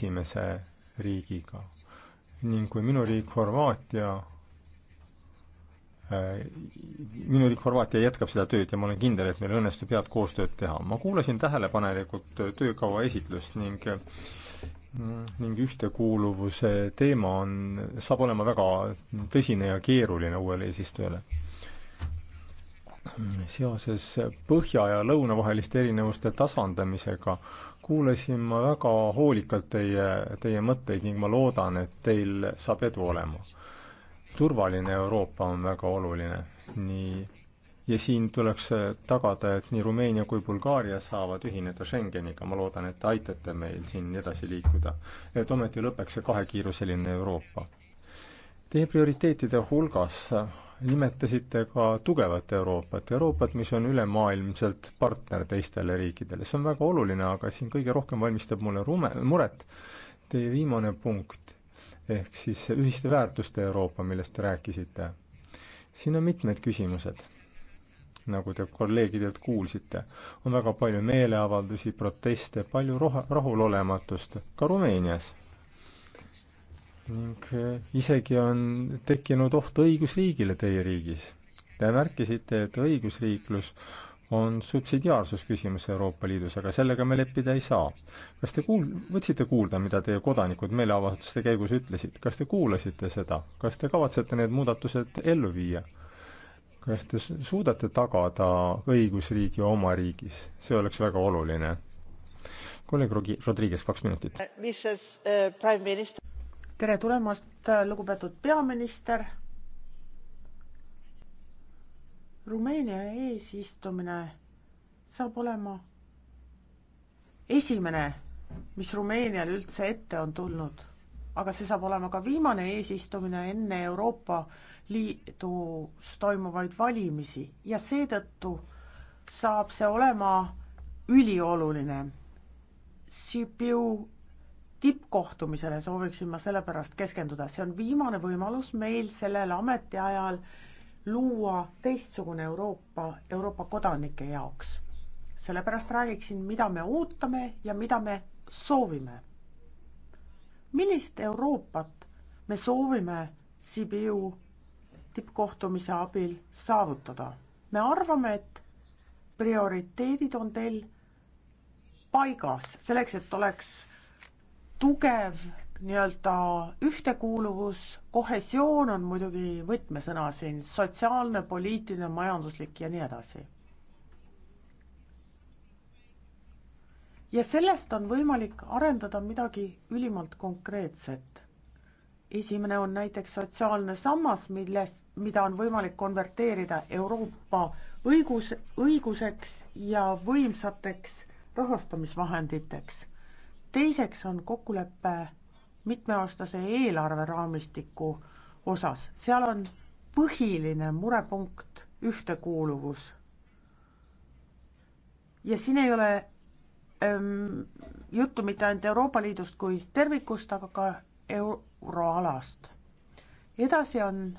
esimese riigiga ning kui minu riik Horvaatia äh, minu riik Horvaatia jätkab seda tööd ja ma olen kindel, et meil õnnestub head koostööd teha. ma kuulasin tähelepanelikult töökava esitlust ning ning ühtekuuluvuse teema on, saab olema väga tõsine ja keeruline uuele eesistujale. seoses põhja ja lõuna vaheliste erinevuste tasandamisega äh, kuulasin ma väga hoolikalt teie, teie mõtteid ning ma loodan, et teil saab edu olema. turvaline Euroopa on väga oluline, nii, ja siin tuleks tagada, et nii Rumeenia kui Bulgaaria saavad ühineda Schengeniga, ma loodan, et te aitate meil siin edasi liikuda. et ometi lõpeks see kahekiiruseline Euroopa. Teie prioriteetide hulgas nimetasite ka tugevat Euroopat, Euroopat, mis on ülemaailmselt partner teistele riikidele. see on väga oluline, aga siin kõige rohkem valmistab mulle rume, muret teie viimane punkt, ehk siis ühiste väärtuste Euroopa, millest te rääkisite. siin on mitmed küsimused, nagu te kolleegidelt kuulsite. on väga palju meeleavaldusi, proteste, palju roha, rahulolematust, ka Rumeenias ning eh, isegi on tekkinud oht õigusriigile teie riigis. Te märkisite, et õigusriiklus on subsidiaarsusküsimus Euroopa Liidus, aga sellega me leppida ei saa. kas te kuul-, võtsite kuulda, mida teie kodanikud meeleavalduste käigus ütlesid, kas te kuulasite seda, kas te kavatsete need muudatused ellu viia? kas te suudate tagada õigusriigi oma riigis, see oleks väga oluline. kolleeg Rodriguez, kaks minutit. Eh, tere tulemast, lugupeetud peaminister. Rumeenia eesistumine saab olema esimene, mis Rumeenial üldse ette on tulnud, aga see saab olema ka viimane eesistumine enne Euroopa Liidus toimuvaid valimisi ja seetõttu saab see olema ülioluline. Sibiu tippkohtumisele sooviksin ma sellepärast keskenduda, see on viimane võimalus meil sellel ametiajal luua teistsugune Euroopa, Euroopa kodanike jaoks. sellepärast räägiksin, mida me ootame ja mida me soovime. millist Euroopat me soovime Sibiu tippkohtumise abil saavutada? me arvame, et prioriteedid on teil paigas selleks, et oleks tugev nii-öelda ühtekuuluvus, kohesioon on muidugi võtmesõna siin, sotsiaalne, poliitiline, majanduslik ja nii edasi. ja sellest on võimalik arendada midagi ülimalt konkreetset. esimene on näiteks sotsiaalne sammas, milles, mida on võimalik konverteerida Euroopa õigus, õiguseks ja võimsateks rahastamisvahenditeks teiseks on kokkulepe mitmeaastase eelarveraamistiku osas, seal on põhiline murepunkt ühtekuuluvus. ja siin ei ole ähm, juttu mitte ainult Euroopa Liidust kui tervikust, aga ka euroalast. edasi on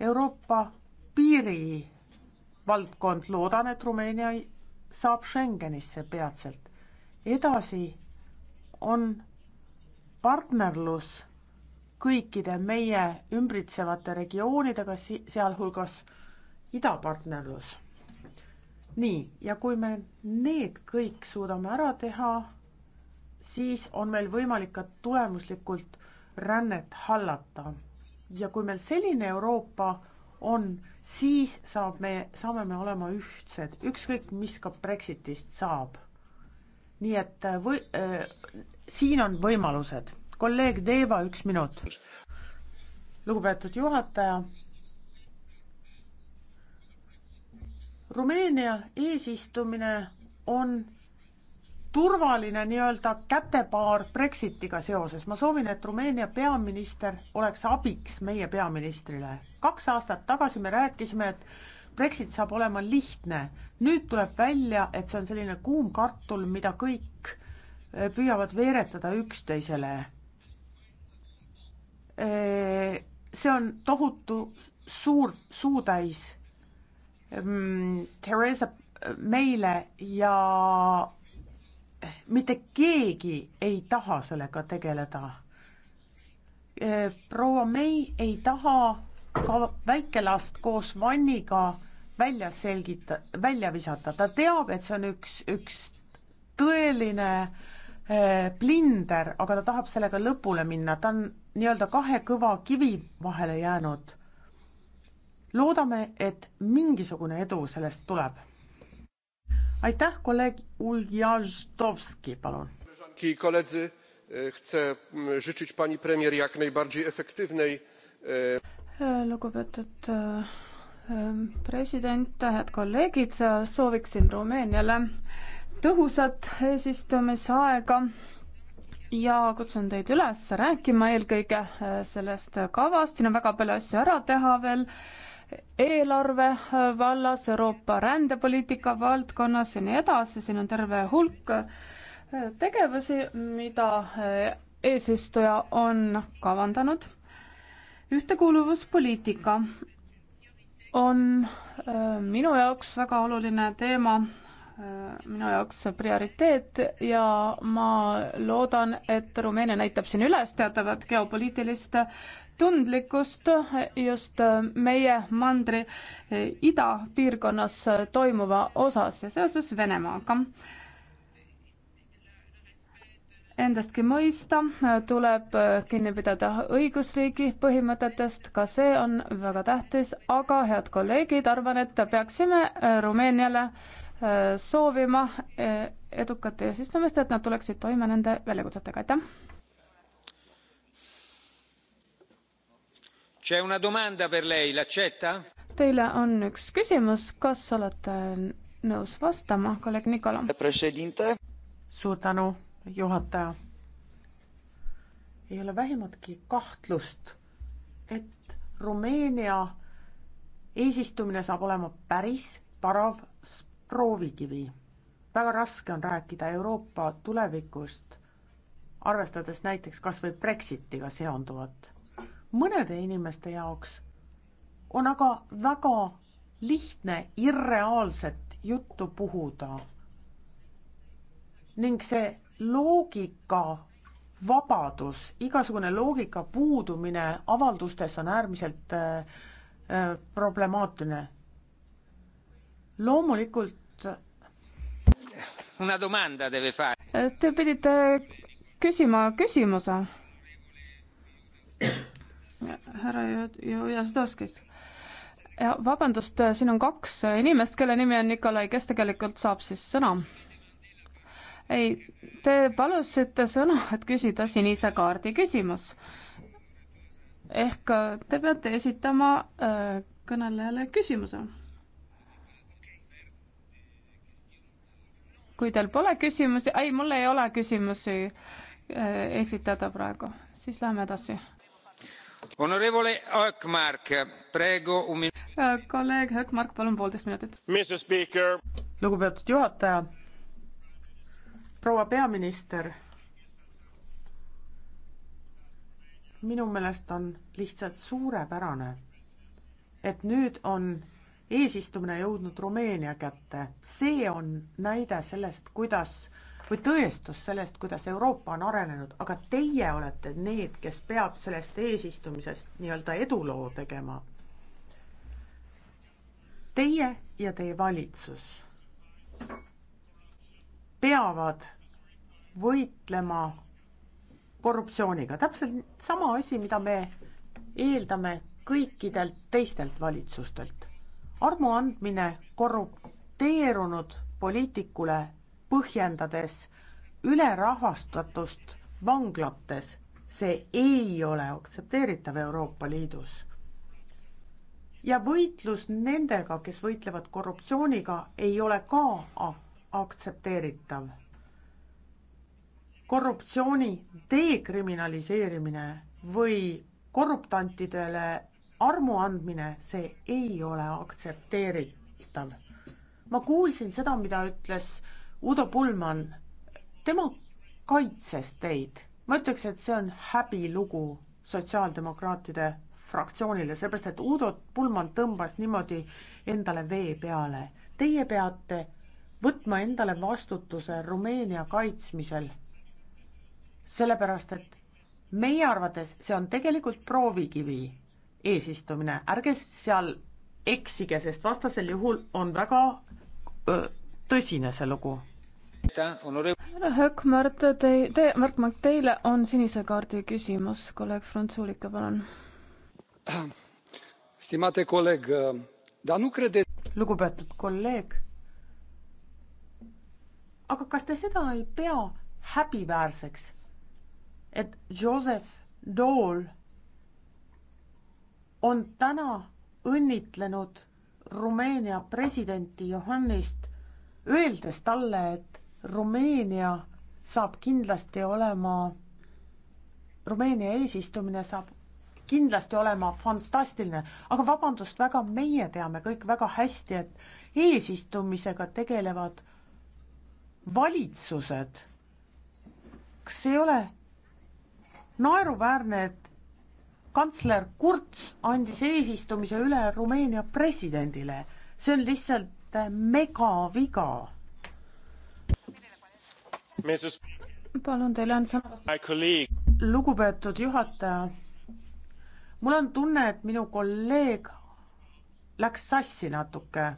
Euroopa piirivaldkond, loodan, et Rumeenia saab Schengenisse peatselt edasi on partnerlus kõikide meie ümbritsevate regioonidega, sealhulgas idapartnerlus. nii, ja kui me need kõik suudame ära teha, siis on meil võimalik ka tulemuslikult rännet hallata. ja kui meil selline Euroopa on, siis saab me, saame me olema ühtsed, ükskõik mis ka Brexitist saab nii et äh, või, äh, siin on võimalused. kolleeg Deva, üks minut. lugupeetud juhataja. Rumeenia eesistumine on turvaline nii-öelda kätepaar Brexitiga seoses. ma soovin, et Rumeenia peaminister oleks abiks meie peaministrile. kaks aastat tagasi me rääkisime, et Brexit saab olema lihtne. nüüd tuleb välja, et see on selline kuum kartul, mida kõik eh, püüavad veeretada üksteisele. Eh, see on tohutu suur suutäis mm, Theresa eh, meile ja mitte keegi ei taha sellega tegeleda. proua May ei taha ka väikelast koos vanniga välja selgita, välja visata, ta teab, et see on üks, üks tõeline äh, eh, plinder, aga ta tahab sellega lõpule minna, ta on nii-öelda kahe kõva kivi vahele jäänud. loodame, et mingisugune edu sellest tuleb. aitäh, kolleeg Uljaždovski, palun. koledzy, e, chcę życzyć pani premier jak najbardziej efektywnej e, lugupeetud äh, äh, president, head kolleegid, äh, sooviksin Rumeeniale tõhusat eesistumisaega ja kutsun teid üles rääkima eelkõige sellest kavast, siin on väga palju asju ära teha veel, eelarve vallas, Euroopa rändepoliitika valdkonnas ja nii edasi, siin on terve hulk tegevusi, mida eesistuja on kavandanud ühtekuuluvuspoliitika on äh, minu jaoks väga oluline teema, äh, minu jaoks prioriteet ja ma loodan, et Rumeenia näitab siin üles teatavat geopoliitilist tundlikkust just meie mandri äh, idapiirkonnas toimuva osas ja seoses Venemaaga endastki mõista, tuleb kinni pidada õigusriigi põhimõtetest, ka see on väga tähtis, aga head kolleegid, arvan, et peaksime Rumeeniale äh, soovima äh, edukat eesistumist, et nad tuleksid toime nende väljakutsetega, aitäh. Teile on üks küsimus, kas olete nõus vastama, kolleeg Nikolov? suur tänu juhataja. ei ole vähimatki kahtlust, et Rumeenia eesistumine saab olema päris parav proovikivi. väga raske on rääkida Euroopa tulevikust, arvestades näiteks kas või Brexitiga seonduvat. mõnede inimeste jaoks on aga väga lihtne irreaalset juttu puhuda ning see loogika vabadus, igasugune loogika puudumine avaldustes on äärmiselt äh, äh problemaatiline. loomulikult. Äh, te pidite küsima küsimuse. härra Jasdovskist ja vabandust, äh, siin on kaks inimest, kelle nimi on Nikolai, kes tegelikult saab siis sõna? ei, te palusite sõna, et küsida sinise kaardi küsimus. ehk äh, te peate esitama äh, kõnelejale küsimuse. kui teil pole küsimusi, ei, mul ei ole küsimusi äh, esitada praegu, siis läheme edasi kolleeg hökmark palun poolteist minutit. lugupeetud juhataja proua peaminister, minu meelest on lihtsalt suurepärane, et nüüd on eesistumine jõudnud Rumeenia kätte. see on näide sellest, kuidas või tõestus sellest, kuidas Euroopa on arenenud, aga teie olete need, kes peab sellest eesistumisest nii-öelda eduloo tegema. Teie ja teie valitsus peavad võitlema korruptsiooniga, täpselt sama asi, mida me eeldame kõikidelt teistelt valitsustelt. armu andmine korrupteerunud poliitikule põhjendades ülerahvastatust vanglates, see ei ole aktsepteeritav Euroopa Liidus. ja võitlus nendega, kes võitlevad korruptsiooniga, ei ole ka aktsepteeritav korruptsiooni dekriminaliseerimine või korruptantidele armu andmine, see ei ole aktsepteeritav. ma kuulsin seda, mida ütles Udo Pullmann. tema kaitses teid. ma ütleks, et see on häbilugu sotsiaaldemokraatide fraktsioonile, sellepärast et Udo Pullmann tõmbas niimoodi endale vee peale. Teie peate võtma endale vastutuse Rumeenia kaitsmisel sellepärast et meie arvates see on tegelikult proovikivi eesistumine, ärge seal eksige, sest vastasel juhul on väga öö, tõsine see lugu. härra Hökmart, te, te, Märkmark, teile on sinise kaardi küsimus, kolleeg Frantsuulika, palun. Stimate kolleeg, dar nu crede-. lugupeetud kolleeg. aga kas te seda ei pea häbiväärseks? et Joseph Dole on täna õnnitlenud Rumeenia presidenti Johannist, öeldes talle, et Rumeenia saab kindlasti olema, Rumeenia eesistumine saab kindlasti olema fantastiline, aga vabandust väga, meie teame kõik väga hästi, et eesistumisega tegelevad valitsused. kas ei ole naeruväärne, et kantsler Kurz andis eesistumise üle Rumeenia presidendile. see on lihtsalt äh, megaviga. palun, teile on sõna. lugupeetud juhataja, mul on tunne, et minu kolleeg läks sassi natuke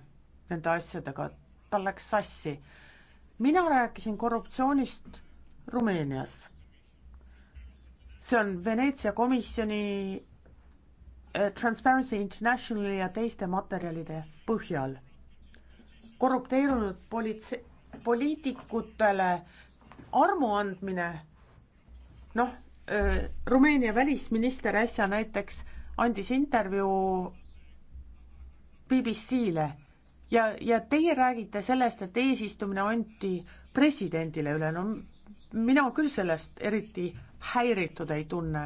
nende asjadega, tal läks sassi. mina rääkisin korruptsioonist Rumeenias see on Veneetsia komisjoni äh, Transparency Internationali ja teiste materjalide põhjal. korrupteerunud politsei, poliitikutele armu andmine, noh, äh, Rumeenia välisminister äsja näiteks andis intervjuu BBC-le ja, ja teie räägite sellest, et eesistumine anti presidendile üle, no mina küll sellest eriti häiritud ei tunne.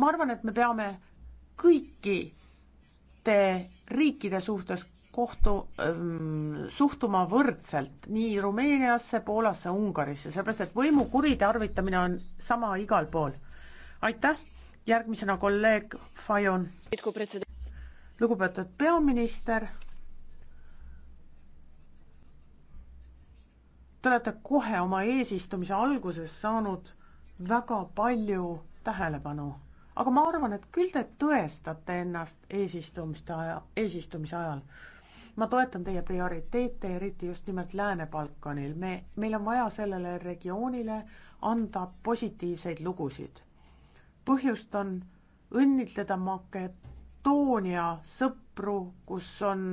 ma arvan, et me peame kõikide riikide suhtes kohtu ähm,, suhtuma võrdselt nii Rumeeniasse, Poolasse, Ungarisse, sellepärast et võimu kuritarvitamine on sama igal pool. aitäh, järgmisena kolleeg Fajon. lugupeetud peaminister. Te olete kohe oma eesistumise alguses saanud väga palju tähelepanu, aga ma arvan, et küll te tõestate ennast eesistumiste aja, eesistumise ajal. ma toetan teie prioriteete, eriti just nimelt Lääne-Balkanil. me, meil on vaja sellele regioonile anda positiivseid lugusid. põhjust on õnnitleda Makedoonia sõpru, kus on,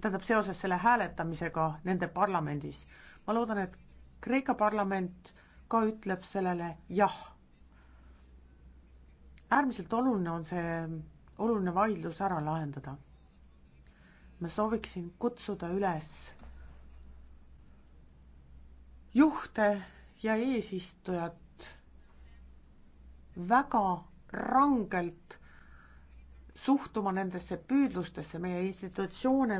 tähendab, seoses selle hääletamisega nende parlamendis. ma loodan, et Kreeka parlament ka ütleb sellele jah. äärmiselt oluline on see oluline vaidlus ära lahendada. ma sooviksin kutsuda üles juhte ja eesistujat väga rangelt suhtuma nendesse püüdlustesse meie institutsioone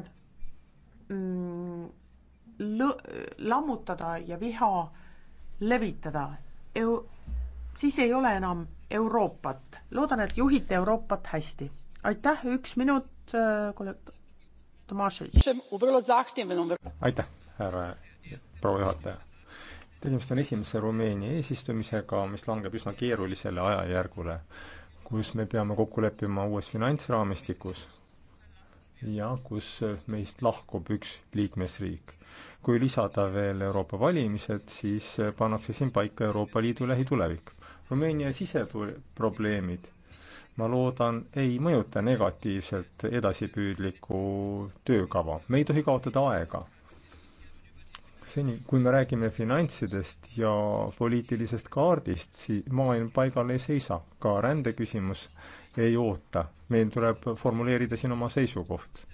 mm, lõ- lammutada ja viha levitada Eu, siis ei ole enam Euroopat. loodan, et juhite Euroopat hästi. aitäh, üks minut äh,, kolleeg Tomaševitš. aitäh, härra proua juhataja. tegemist on esimese Rumeenia eesistumisega, mis langeb üsna keerulisele ajajärgule, kus me peame kokku leppima uues finantsraamistikus ja kus meist lahkub üks liikmesriik kui lisada veel Euroopa valimised, siis pannakse siin paika Euroopa Liidu lähitulevik. Rumeenia siseprobleemid, ma loodan, ei mõjuta negatiivselt edasipüüdlikku töökava. me ei tohi kaotada aega. seni, kui me räägime finantsidest ja poliitilisest kaardist, siis maailm paigal ei seisa. ka rändeküsimus ei oota. meil tuleb formuleerida siin oma seisukoht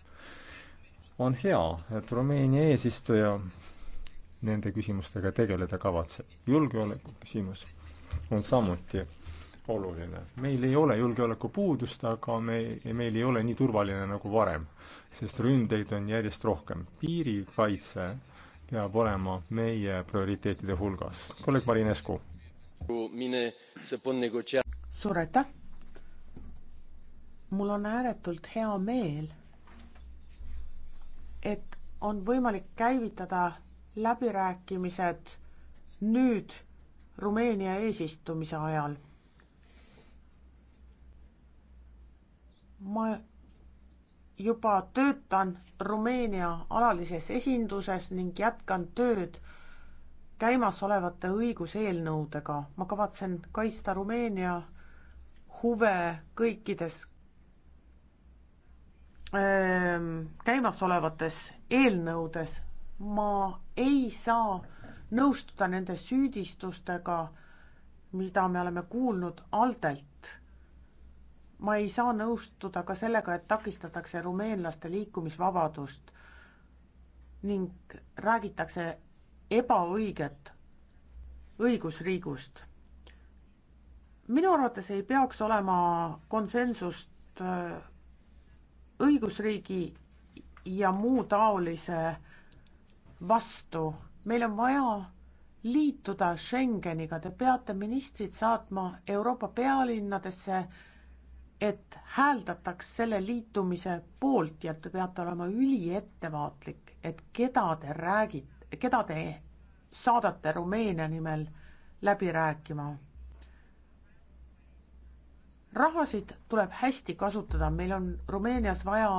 on hea, et Rumeenia eesistuja nende küsimustega tegeleda kavatseb. julgeoleku küsimus on samuti oluline. meil ei ole julgeolekupuudust, aga me, meil ei ole nii turvaline nagu varem, sest ründeid on järjest rohkem. piirikaitse peab olema meie prioriteetide hulgas. kolleeg Marinescu. suur aitäh! mul on ääretult hea meel et on võimalik käivitada läbirääkimised nüüd Rumeenia eesistumise ajal. ma juba töötan Rumeenia alalises esinduses ning jätkan tööd käimasolevate õiguseelnõudega. ma kavatsen kaitsta Rumeenia huve kõikides Ehm, käimasolevates eelnõudes ma ei saa nõustuda nende süüdistustega, mida me oleme kuulnud Aldelt. ma ei saa nõustuda ka sellega, et takistatakse rumeenlaste liikumisvabadust ning räägitakse ebaõiget õigusriigust. minu arvates ei peaks olema konsensust äh, õigusriigi ja muu taolise vastu. meil on vaja liituda Schengeniga, te peate ministrid saatma Euroopa pealinnadesse, et hääldataks selle liitumise poolt ja te peate olema üliettevaatlik, et keda te räägite, keda te saadate Rumeenia nimel läbi rääkima rahasid tuleb hästi kasutada, meil on Rumeenias vaja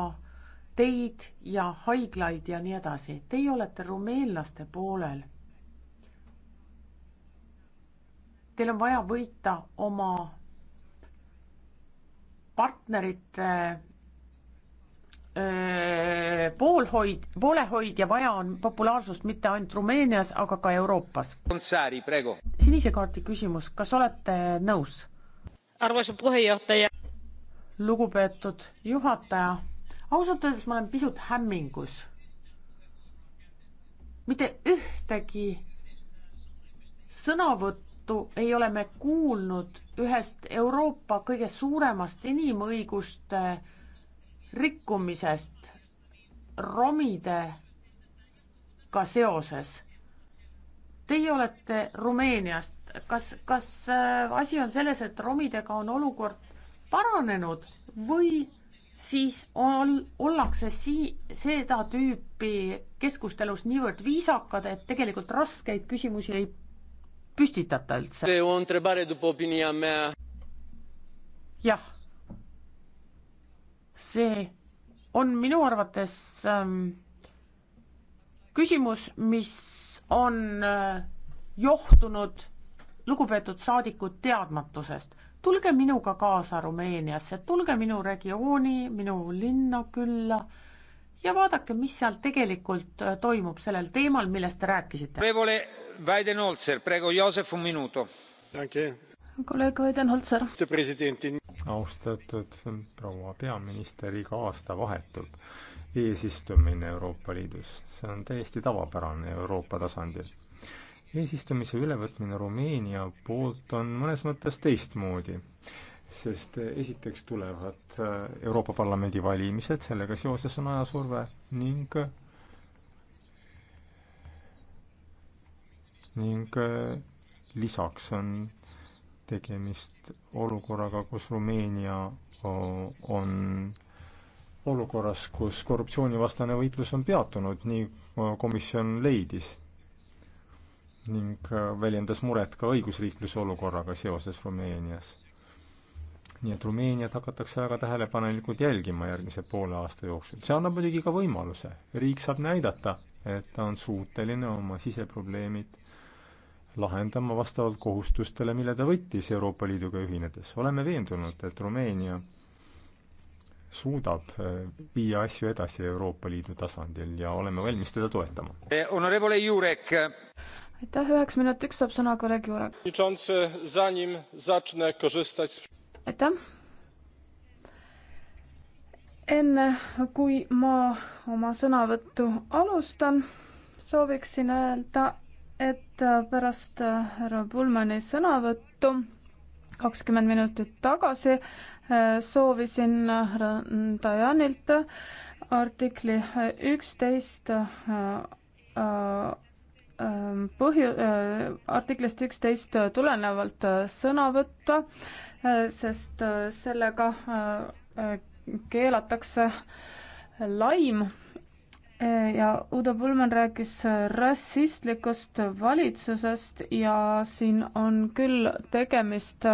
teid ja haiglaid ja nii edasi. Teie olete rumeenlaste poolel. Teil on vaja võita oma partnerite öö, poolhoid, poolehoid ja vaja on populaarsust mitte ainult Rumeenias, aga ka Euroopas. sinise kaardi küsimus, kas olete nõus? arvoisa puheenjohtaja. lugupeetud juhataja, ausalt öeldes ma olen pisut hämmingus. mitte ühtegi sõnavõttu ei ole me kuulnud ühest Euroopa kõige suuremast inimõiguste rikkumisest romidega seoses Teie olete Rumeeniast. kas, kas äh, asi on selles, et romidega on olukord paranenud või siis on, ollakse sii-, seda tüüpi keskustelus niivõrd viisakad, et tegelikult raskeid küsimusi ei püstitata üldse? jah, see on minu arvates ähm, küsimus, mis on äh, johtunud lugupeetud saadikud teadmatusest. tulge minuga kaasa Rumeeniasse, tulge minu regiooni, minu linna külla ja vaadake, mis seal tegelikult äh, toimub sellel teemal, millest te rääkisite. kolleeg Weidenholzer. austatud proua peaminister, iga aasta vahetub eesistumine Euroopa Liidus. see on täiesti tavapärane Euroopa tasandil. eesistumise ülevõtmine Rumeenia poolt on mõnes mõttes teistmoodi, sest esiteks tulevad äh, Euroopa Parlamendi valimised, sellega seoses on ajasurve ning ning äh, lisaks on tegemist olukorraga, kus Rumeenia äh, on olukorras, kus korruptsioonivastane võitlus on peatunud, nii komisjon leidis ning äh, väljendas muret ka õigusriikluse olukorraga seoses Rumeenias. nii et Rumeeniat hakatakse väga tähelepanelikult jälgima järgmise poole aasta jooksul. see annab muidugi ka võimaluse, riik saab näidata, et ta on suuteline oma siseprobleemid lahendama vastavalt kohustustele, mille ta võttis Euroopa Liiduga ühinedes. oleme veendunud, et Rumeenia suudab äh, viia asju edasi Euroopa Liidu tasandil ja oleme valmis teda toetama. Eh, aitäh, üheks minutiks saab sõna kolleeg Jurek. aitäh. enne kui ma oma sõnavõttu alustan, sooviksin öelda, et pärast härra Pulmani sõnavõttu kakskümmend minutit tagasi äh, soovisin Dajanilt artikli üksteist äh, äh, põhju-, artiklist üksteist tulenevalt sõna võtta, sest sellega keelatakse laim ja Udo Pulman rääkis rassistlikust valitsusest ja siin on küll tegemist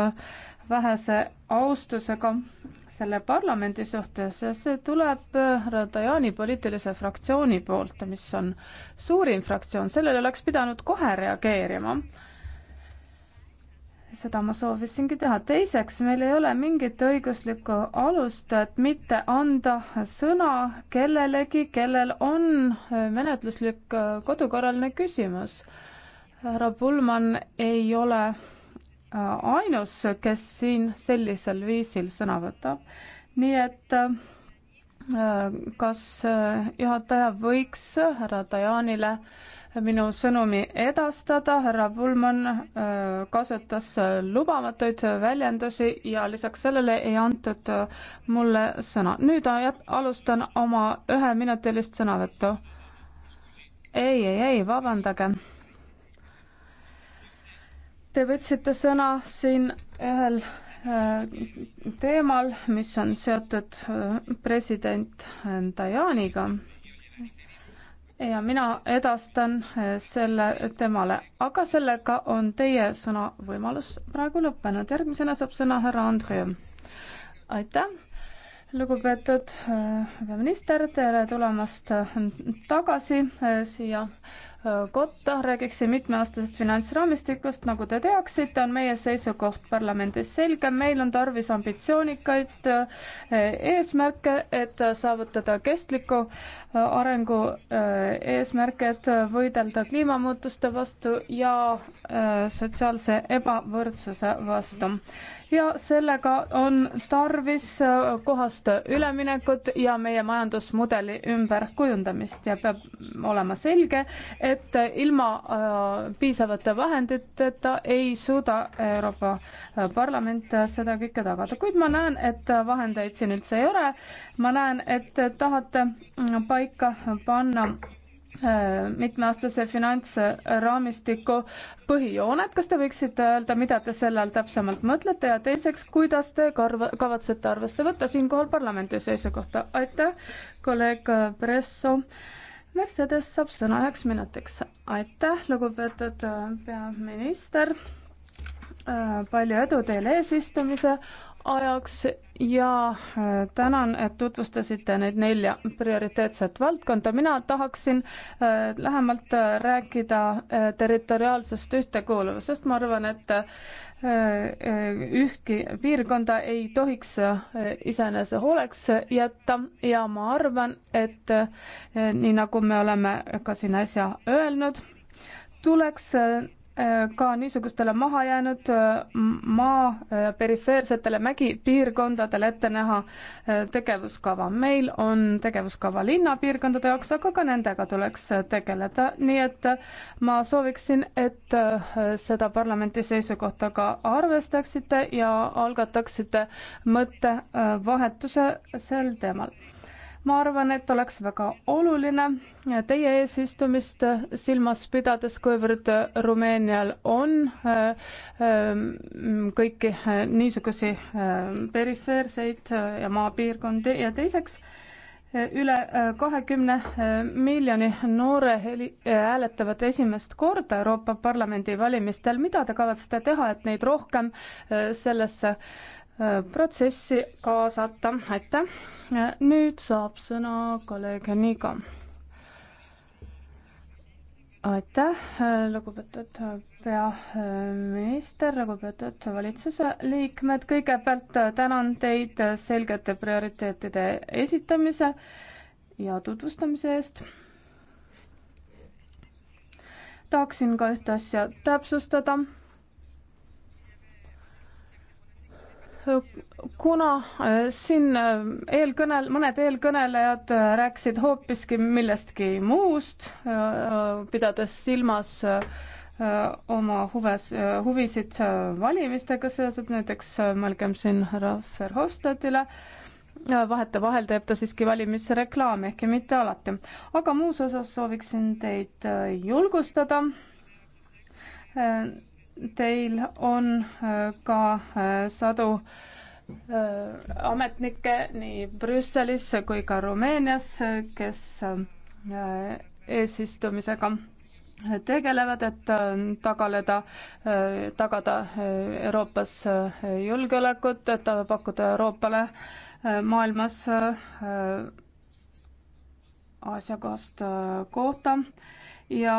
vähese austusega selle parlamendi suhtes ja see tuleb härra Tajani poliitilise fraktsiooni poolt, mis on suurim fraktsioon, sellele oleks pidanud kohe reageerima seda ma soovisingi teha. teiseks, meil ei ole mingit õiguslikku alust, et mitte anda sõna kellelegi, kellel on äh, menetluslik äh, kodukorraline küsimus. härra Pullmann ei ole äh, ainus, kes siin sellisel viisil sõna võtab. nii et äh, kas äh, juhataja võiks härra Dajanile minu sõnumi edastada, härra Pullmann äh, kasutas lubamatuid väljendusi ja lisaks sellele ei antud äh, mulle sõna. nüüd alustan oma üheminutilist sõnavõttu. ei, ei, ei, vabandage. Te võtsite sõna siin ühel Äh, teemal, mis on seotud äh, president Tajaniga äh, ja mina edastan selle temale, aga sellega on teie sõnavõimalus praegu lõppenud, järgmisena saab sõna härra Andrei. aitäh lugupeetud äh, peaminister, tere tulemast äh, tagasi äh, siia kotta, räägiksin mitmeaastasest finantsraamistikust, nagu te teaksite, on meie seisukoht parlamendis selge, meil on tarvis ambitsioonikaid eesmärke, et saavutada kestliku arengu eesmärke, et võidelda kliimamuutuste vastu ja sotsiaalse ebavõrdsuse vastu ja sellega on tarvis äh, kohast üleminekut ja meie majandusmudeli ümberkujundamist ja peab olema selge, et ilma äh, piisavate vahenditeta ei suuda Euroopa äh, Parlament seda kõike tagada, kuid ma näen, et vahendeid siin üldse ei ole. ma näen, et tahate mm, paika panna Äh, mitmeaastase finantsraamistiku põhijooned, kas te võiksite öelda, mida te selle all täpsemalt mõtlete ja teiseks, kuidas te karva, kavatsete arvesse võtta siinkohal parlamendi seisukohta? aitäh, kolleeg Presso. Mercedes saab sõna üheks minutiks. aitäh, lugupeetud peaminister Äh, palju edu teile eesistumise ajaks ja äh, tänan, et tutvustasite neid nelja prioriteetset valdkonda. mina tahaksin äh, lähemalt rääkida territoriaalsest ühtekuuluvusest. ma arvan, et ühtki piirkonda ei tohiks iseenese hooleks jätta ja ma arvan, et nii nagu me oleme ka siin äsja öelnud, tuleks ka niisugustele mahajäänud äh, maa äh, perifeersetele mägipiirkondadele ette näha äh, tegevuskava. meil on tegevuskava linnapiirkondade jaoks, aga ka nendega tuleks tegeleda, nii et ma sooviksin, et seda parlamenti seisukohta ka arvestaksite ja algataksite mõttevahetuse sel teemal ma arvan, et oleks väga oluline teie eesistumist silmas pidades, kuivõrd Rumeenial on äh, ähm, kõiki äh, niisugusi äh, perifeerseid ja maapiirkondi ja teiseks üle kahekümne miljoni noore hääletavad esimest korda Euroopa Parlamendi valimistel. mida te kavatsete teha, et neid rohkem sellesse protsessi kaasata? aitäh! nüüd saab sõna kolleeg Niga. aitäh, lugupeetud peaminister, lugupeetud valitsuse liikmed, kõigepealt tänan teid selgete prioriteetide esitamise ja tutvustamise eest. tahaksin ka ühte asja täpsustada kuna äh, siin äh, eelkõnel, mõned eelkõnelejad äh, rääkisid hoopiski millestki muust, pidades silmas oma huves, huvisid valimistega seoses, näiteks mõelgem siin härra Verhofstadtile, vahetevahel teeb ta siiski valimisreklaami, ehkki mitte alati. aga muus osas sooviksin teid julgustada Teil on äh, ka äh, sadu äh, ametnikke nii Brüsselis kui ka Rumeenias, kes eesistumisega tegelevad, et tagaleda, tagada Euroopas julgeolekut, et pakkuda Euroopale maailmas asjakohast kohta ja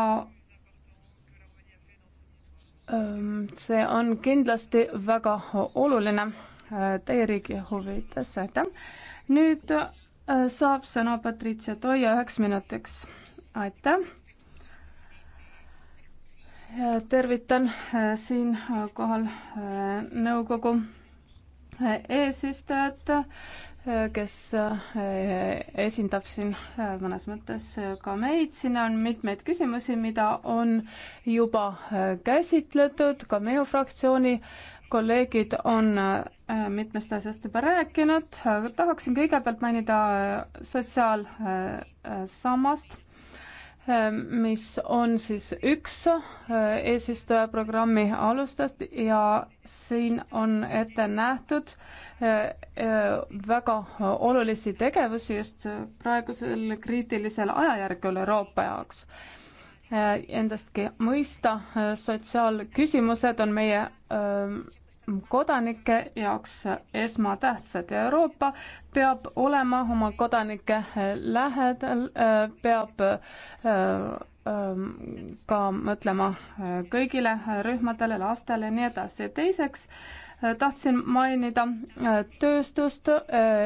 see on kindlasti väga oluline teie riigi huvides, aitäh. nüüd saab sõna Patricia Toia üheks minutiks, aitäh. tervitan siinkohal nõukogu eesistujat kes eh, esindab siin eh, mõnes mõttes ka meid. siin on mitmeid küsimusi, mida on juba eh, käsitletud, ka minu fraktsiooni kolleegid on mitmest asjast juba rääkinud. tahaksin kõigepealt mainida sotsiaalsammast Ehm, mis on siis üks ehm, eesistuja programmi alustest ja siin on ette nähtud ehm, väga olulisi tegevusi just praegusel kriitilisel ajajärgul Euroopa jaoks. Endastki mõista, sotsiaalküsimused on meie kodanike jaoks esmatähtsad ja Euroopa peab olema oma kodanike lähedal, peab äh, ähm, ka mõtlema äh, kõigile rühmadele, lastele ja nii edasi. teiseks äh, tahtsin mainida tööstust,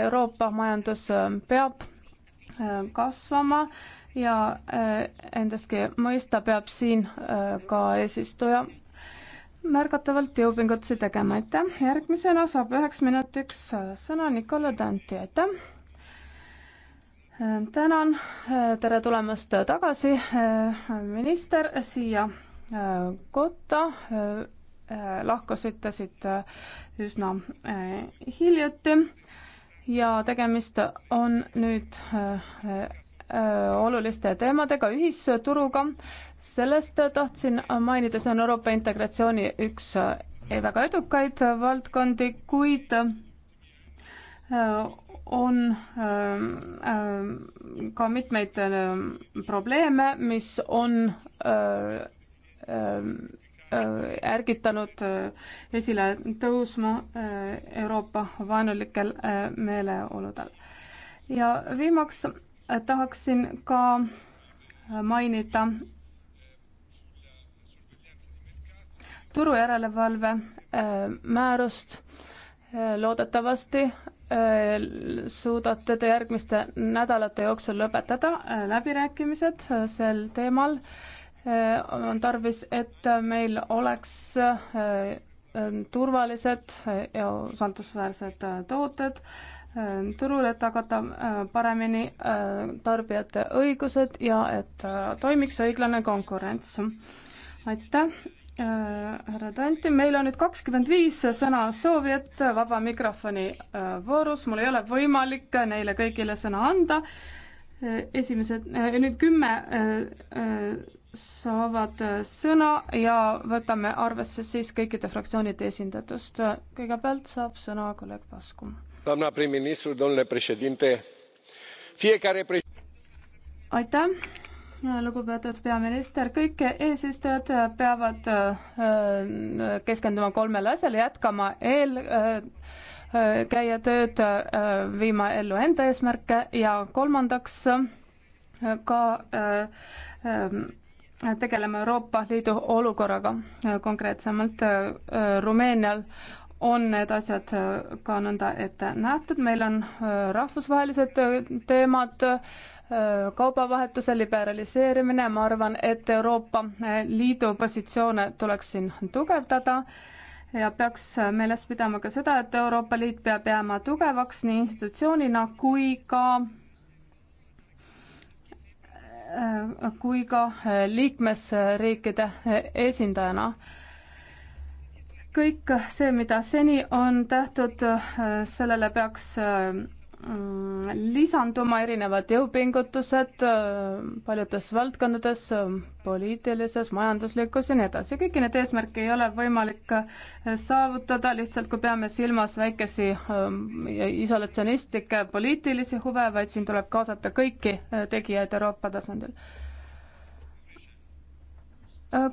Euroopa majandus peab kasvama ja endastki mõista peab siin ka eesistuja märgatavalt jõupingutusi tegema, aitäh. järgmisena saab üheks minutiks äh, sõna Nicola Danti, aitäh. Äh, tänan, äh, tere tulemast tagasi, minister, siia kotta. lahkusite siit üsna hiljuti ja tegemist on nüüd oluliste teemadega, ühisturuga sellest tahtsin mainida, see on Euroopa integratsiooni üks äh, väga edukaid valdkondi, kuid äh, on äh, ka mitmeid probleeme, mis on ärgitanud esile tõusma Euroopa vaenulikel meeleoludel. ja viimaks tahaksin ka mainida turujärelevalve äh, määrust äh, loodetavasti äh, suudate te järgmiste nädalate jooksul lõpetada läbirääkimised sel teemal. on tarvis, et meil oleks turvalised ja usaldusväärsed tooted turul, et tagada paremini tarbijate õigused ja et toimiks õiglane konkurents. aitäh Äh, härra Tanti, meil on nüüd kakskümmend viis sõnasoovijat vaba mikrofoni äh, voorus, mul ei ole võimalik neile kõigile sõna anda. Äh, esimesed, nüüd kümme saavad sõna ja võtame arvesse siis kõikide fraktsioonide esindatust. kõigepealt saab sõna kolleeg Pasku. aitäh lugupeetud peaminister, kõik eesistujad peavad äh, keskenduma kolmele asjale, jätkama eel äh, käia tööd, äh, viima ellu enda eesmärke ja kolmandaks ka tegelema Euroopa Liidu olukorraga, konkreetsemalt Rumeenial on need asjad ka nõnda ette nähtud, meil on rahvusvahelised teemad, kaubavahetuse liberaliseerimine, ma arvan, et Euroopa Liidu positsioone tuleks siin tugevdada ja peaks meeles pidama ka seda, et Euroopa Liit peab jääma tugevaks nii institutsioonina kui ka kui ka liikmesriikide esindajana kõik see, mida seni on tehtud, sellele peaks Mm, lisanduma erinevad jõupingutused äh, paljudes valdkondades, äh, poliitilises, majanduslikus ja nii edasi. kõiki neid eesmärke ei ole võimalik äh, saavutada lihtsalt, kui peame silmas väikesi ähm, isolatsionistlikke poliitilisi huve, vaid siin tuleb kaasata kõiki tegijaid Euroopa tasandil.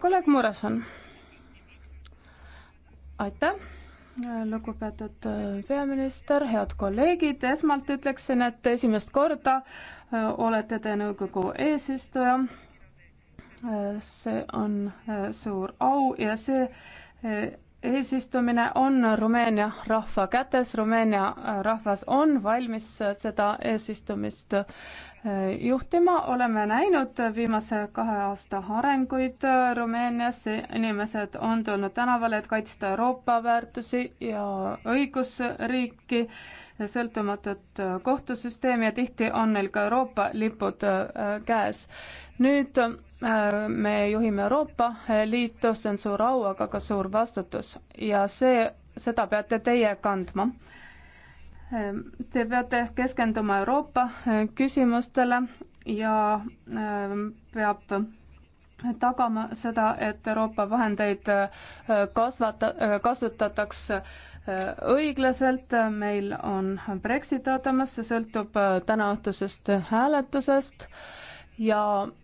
kolleeg Murasson. aitäh lugupeetud äh, peaminister, head kolleegid, esmalt ütleksin, et esimest korda äh, olete te nõukogu eesistuja. Äh, see on suur au ja see eesistumine on Rumeenia rahva kätes, Rumeenia äh, rahvas on valmis äh, seda eesistumist äh, juhtima, oleme näinud viimase kahe aasta arenguid Rumeenias, inimesed on tulnud tänavale, et kaitsta Euroopa väärtusi ja õigusriiki sõltumatut äh, kohtusüsteemi ja tihti on neil ka Euroopa lipud äh, käes. nüüd äh, me juhime Euroopa Liitu, see on suur au, aga ka suur vastutus ja see, seda peate teie kandma. Te peate keskenduma Euroopa küsimustele ja peab tagama seda, et Euroopa vahendeid kasvata, kasutatakse õiglaselt, meil on Brexit ootamas, see sõltub äh, tänaõhtusest hääletusest ja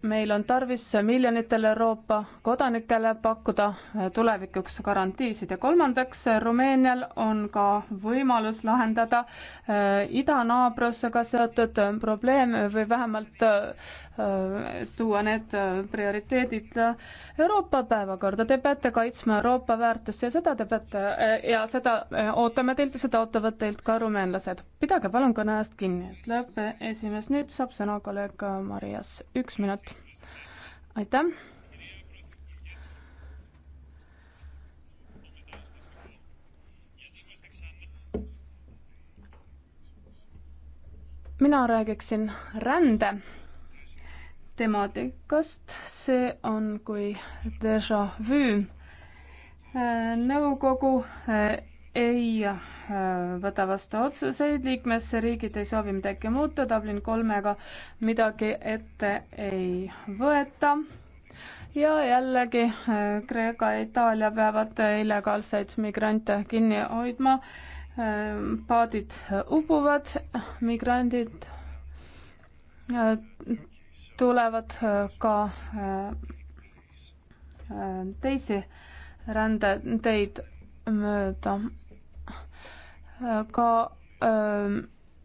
meil on tarvis miljonitele Euroopa kodanikele pakkuda äh, tulevikuks garantiisid ja kolmandaks, Rumeenial on ka võimalus lahendada äh, idanaabrusega seotud probleeme või vähemalt Äh, tuua need äh, prioriteedid äh, Euroopa päevakorda, te peate kaitsma Euroopa väärtust ja seda te peate ja seda ootame teilt ja seda ootavad teilt ka rumeenlased. pidage palun kõne ajast kinni, ütleb esimees, nüüd saab sõna kolleeg Marias, üks minut. aitäh. mina räägiksin rände temaatikast, see on kui déjà vu. nõukogu eh, ei eh, võta vastu otsuseid, liikmesriigid ei soovi midagi muuta, Dublin kolmega midagi ette ei võeta. ja jällegi eh, Kreeka ja Itaalia peavad illegaalseid migrante kinni hoidma. paadid upuvad, migrandid tulevad äh, ka äh, äh, teisi rändeteid mööda. ka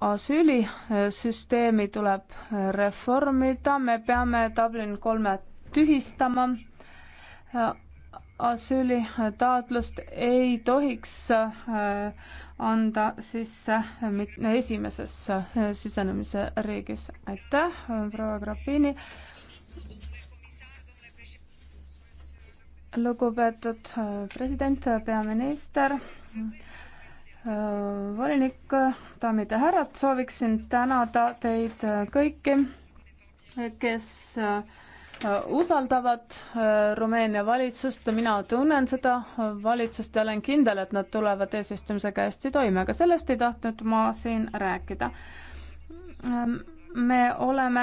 asüülisüsteemi tuleb reformida, me peame Dublin kolme tühistama asüülitaotlust ei tohiks äh, anda sisse äh, esimeses äh, sisenemise riigis. aitäh, proua Grapini. lugupeetud president, peaminister, volinik, daamid ja härrad, sooviksin tänada teid kõiki, kes äh, Äh, usaldavad äh, Rumeenia valitsust, mina tunnen seda valitsust ja olen kindel, et nad tulevad eesistumisega hästi toime, aga sellest ei tahtnud ma siin rääkida. Ähm, me oleme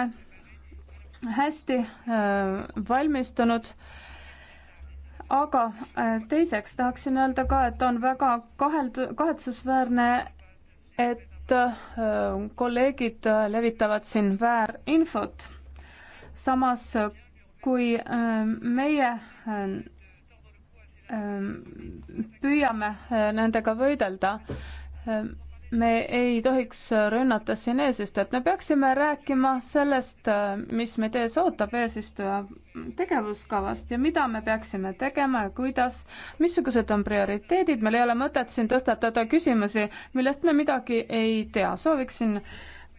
hästi äh, valmistunud aga teiseks tahaksin öelda ka, et on väga kaheld-, kahetsusväärne, et kolleegid levitavad siin väärinfot. samas kui ähm, meie ähm, ähm, püüame äh, nendega võidelda, me ei tohiks rünnata siin eesistujat, me peaksime rääkima sellest, äh, mis meid ees ootab eesistuja tegevuskavast ja mida me peaksime tegema ja kuidas, missugused on prioriteedid, meil ei ole mõtet siin tõstatada küsimusi, millest me midagi ei tea, sooviksin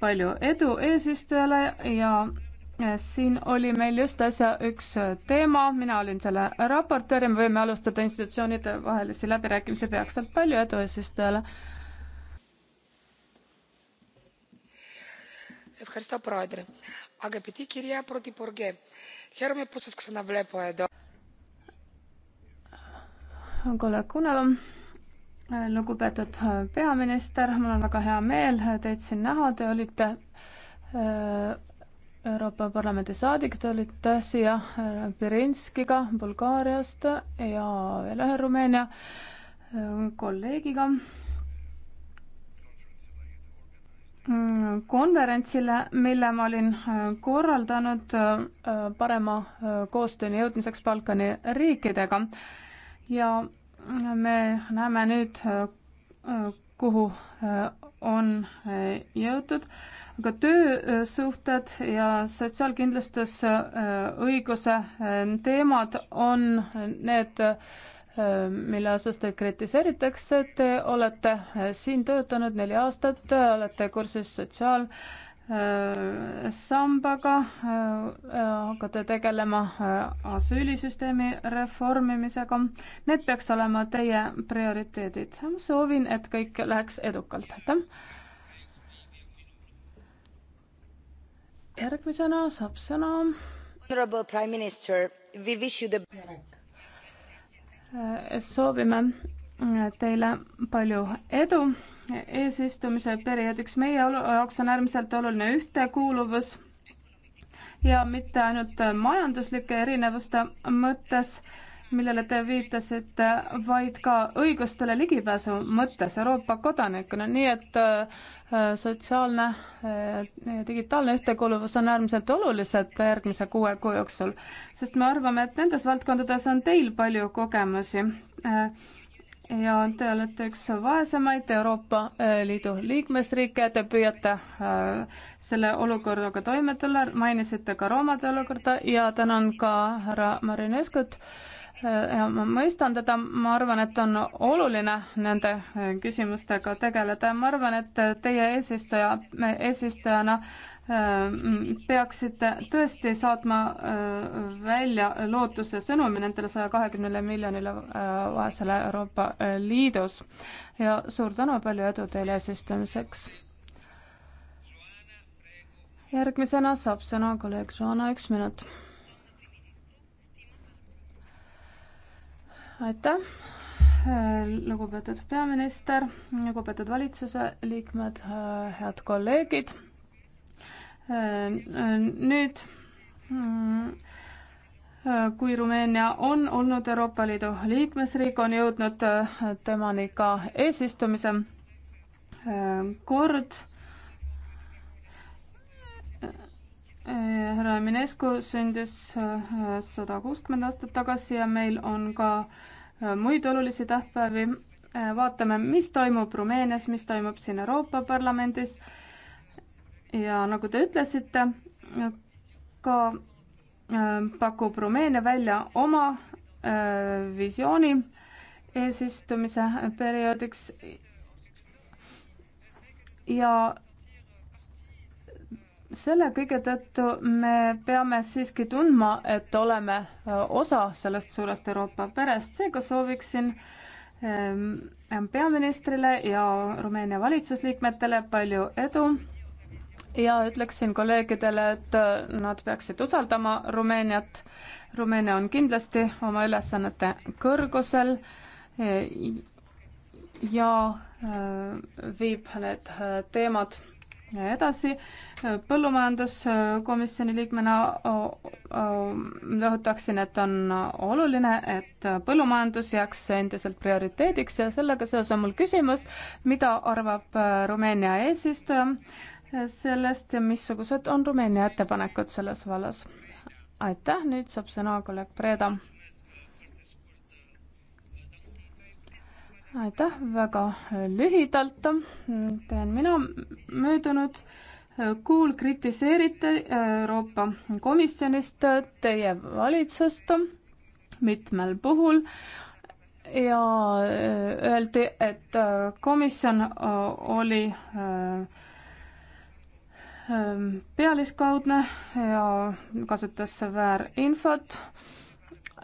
palju edu eesistujale ja siin oli meil just äsja üks teema, mina olin selle raportöör ja me võime alustada institutsioonide vahelisi läbirääkimisi peakselt palju edu eesistujale. Angole Kunevam, lugupeetud peaminister, mul on väga hea meel teid siin näha, te olite öö, äh, Euroopa Parlamendi saadik, te olite siia Pirinskiga Bulgaariast ja veel ühe Rumeenia äh, kolleegiga mm, konverentsile, mille ma olin äh, korraldanud äh, parema koostööni jõudmiseks Balkani riikidega. ja me näeme nüüd kuhu äh, on äh, jõutud, aga töösuhted ja sotsiaalkindlustusõiguse äh, teemad on need, mille osas teid kritiseeritakse, te olete siin töötanud neli aastat, olete kursis sotsiaal- Äh, sambaga, äh, hakkate tegelema äh, asüülisüsteemi reformimisega. Need peaks olema teie prioriteedid. soovin, et kõik läheks edukalt, aitäh. järgmisena saab sõna. Honorable Prime Minister, we wish you the best. soovime teile palju edu eesistumise perioodiks. meie jaoks on äärmiselt oluline ühtekuuluvus ja mitte ainult majanduslike erinevuste mõttes, millele te viitasite, vaid ka õigustele ligipääsu mõttes Euroopa kodanikuna, nii et äh, sotsiaalne äh, ja digitaalne ühtekuuluvus on äärmiselt olulised järgmise kuue kuu jooksul, sest me arvame, et nendes valdkondades on teil palju kogemusi äh, ja te olete üks vaesemaid Euroopa äh, Liidu liikmesriike, te püüate äh, selle olukorraga toime tulla, mainisite ka roomade olukorda ja tänan ka härra Marineskut. Äh, ja ma mõistan teda, ma arvan, et on oluline nende küsimustega tegeleda ja ma arvan, et teie eesistuja, eesistujana peaksite tõesti saatma äh, välja lootuse sõnumi nendele saja kahekümnele miljonile äh, vaesele Euroopa äh, Liidus ja suur tänu, palju edu teile eesistumiseks. järgmisena saab sõna kolleeg Joana, üks minut. aitäh, lugupeetud peaminister, lugupeetud valitsuse liikmed, head kolleegid nüüd kui Rumeenia on olnud Euroopa Liidu liikmesriik, on jõudnud temani ka eesistumise kord. härra Minescu sündis sada kuuskümmend aastat tagasi ja meil on ka muid olulisi tähtpäevi. vaatame, mis toimub Rumeenias, mis toimub siin Euroopa Parlamendis ja nagu te ütlesite, ka äh, pakub Rumeenia välja oma äh, visiooni eesistumise perioodiks ja selle kõige tõttu me peame siiski tundma, et oleme äh, osa sellest suurest Euroopa perest, seega sooviksin peaministrile ja Rumeenia valitsusliikmetele palju edu ja ütleksin kolleegidele, et äh, nad peaksid usaldama Rumeeniat. Rumeenia on kindlasti oma ülesannete kõrgusel äh, ja äh, viib need teemad ja edasi. põllumajanduskomisjoni liikmena rõhutaksin, et on oluline, et põllumajandus jääks endiselt prioriteediks ja sellega seoses on mul küsimus, mida arvab Rumeenia eesistuja sellest ja missugused on Rumeenia ettepanekud selles vallas. aitäh, nüüd saab sõna kolleeg Preda. aitäh, väga lühidalt teen mina möödunud kuul kritiseerite Euroopa Komisjonist teie valitsust mitmel puhul ja öeldi, et komisjon oli äh, Ehm, pealiskaudne ja kasutas väärinfot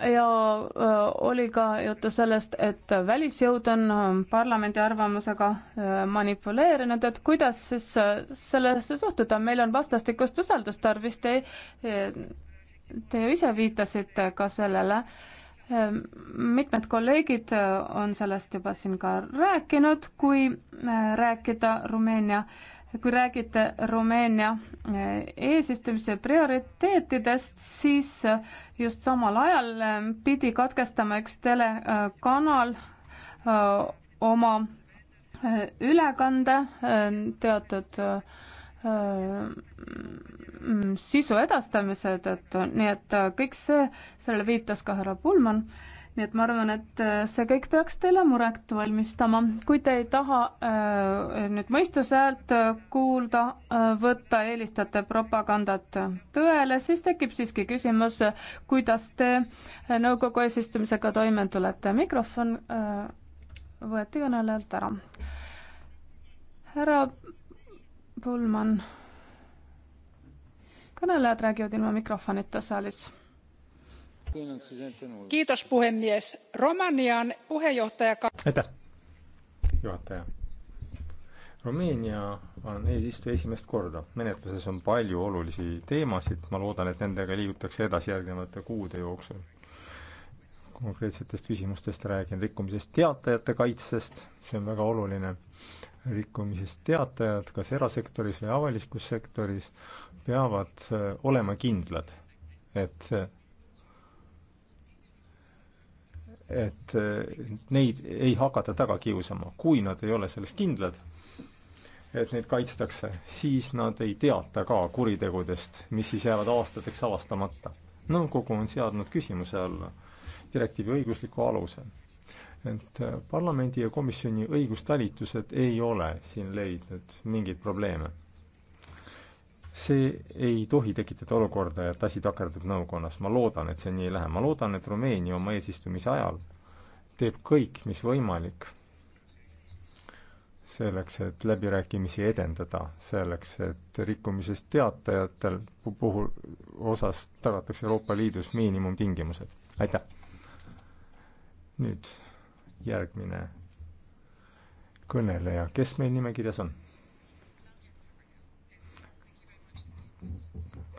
ja äh, oli ka juttu sellest, et välisjõud on ähm, parlamendi arvamusega äh, manipuleerinud, et kuidas siis äh, sellesse suhtuda, meil on vastastikust usaldust tarvis, te, te ju ise viitasite ka sellele. Ehm, mitmed kolleegid on sellest juba siin ka rääkinud, kui rääkida Rumeenia äh, kui räägite Rumeenia eh, eesistumise prioriteetidest, siis eh, just samal ajal eh, pidi katkestama üks telekanal oma ülekande teatud mm, sisu edastamise tõttu, nii et kõik see, sellele viitas ka härra Pullmann nii et ma arvan, et äh, see kõik peaks teile muret valmistama. kui te ei taha äh, nüüd mõistuse häält äh, kuulda äh, võtta, eelistate propagandat tõele, siis tekib siiski küsimus, kuidas te äh, nõukogu eesistumisega toime tulete. mikrofon äh, võeti kõnelejalt ära. härra Pullmann, kõnelejad räägivad ilma mikrofonita saalis Kiitos puhemies. Romanian puheenjohtajakaudella... Aitäh, juhataja. Rumeenia on eesistuja esimest korda. menetluses on palju olulisi teemasid, ma loodan, et nendega liigutakse edasi järgnevate kuude jooksul. konkreetsetest küsimustest räägin, rikkumisest teatajate kaitsest, see on väga oluline, rikkumisest teatajad, kas erasektoris või avalikus sektoris, peavad eh, olema kindlad, et eh, et neid ei hakata taga kiusama. kui nad ei ole selles kindlad, et neid kaitstakse, siis nad ei teata ka kuritegudest, mis siis jäävad aastateks avastamata. nõukogu on seadnud küsimuse alla direktiivi õigusliku aluse. ent parlamendi ja komisjoni õigustalitused ei ole siin leidnud mingeid probleeme see ei tohi tekitada olukorda, et asi takerdub nõukonnas, ma loodan, et see nii ei lähe, ma loodan, et Rumeenia oma eesistumise ajal teeb kõik, mis võimalik, selleks, et läbirääkimisi edendada, selleks, et rikkumisest teatajatel puhul osas tagatakse Euroopa Liidus miinimumtingimused. aitäh! nüüd järgmine kõneleja, kes meil nimekirjas on?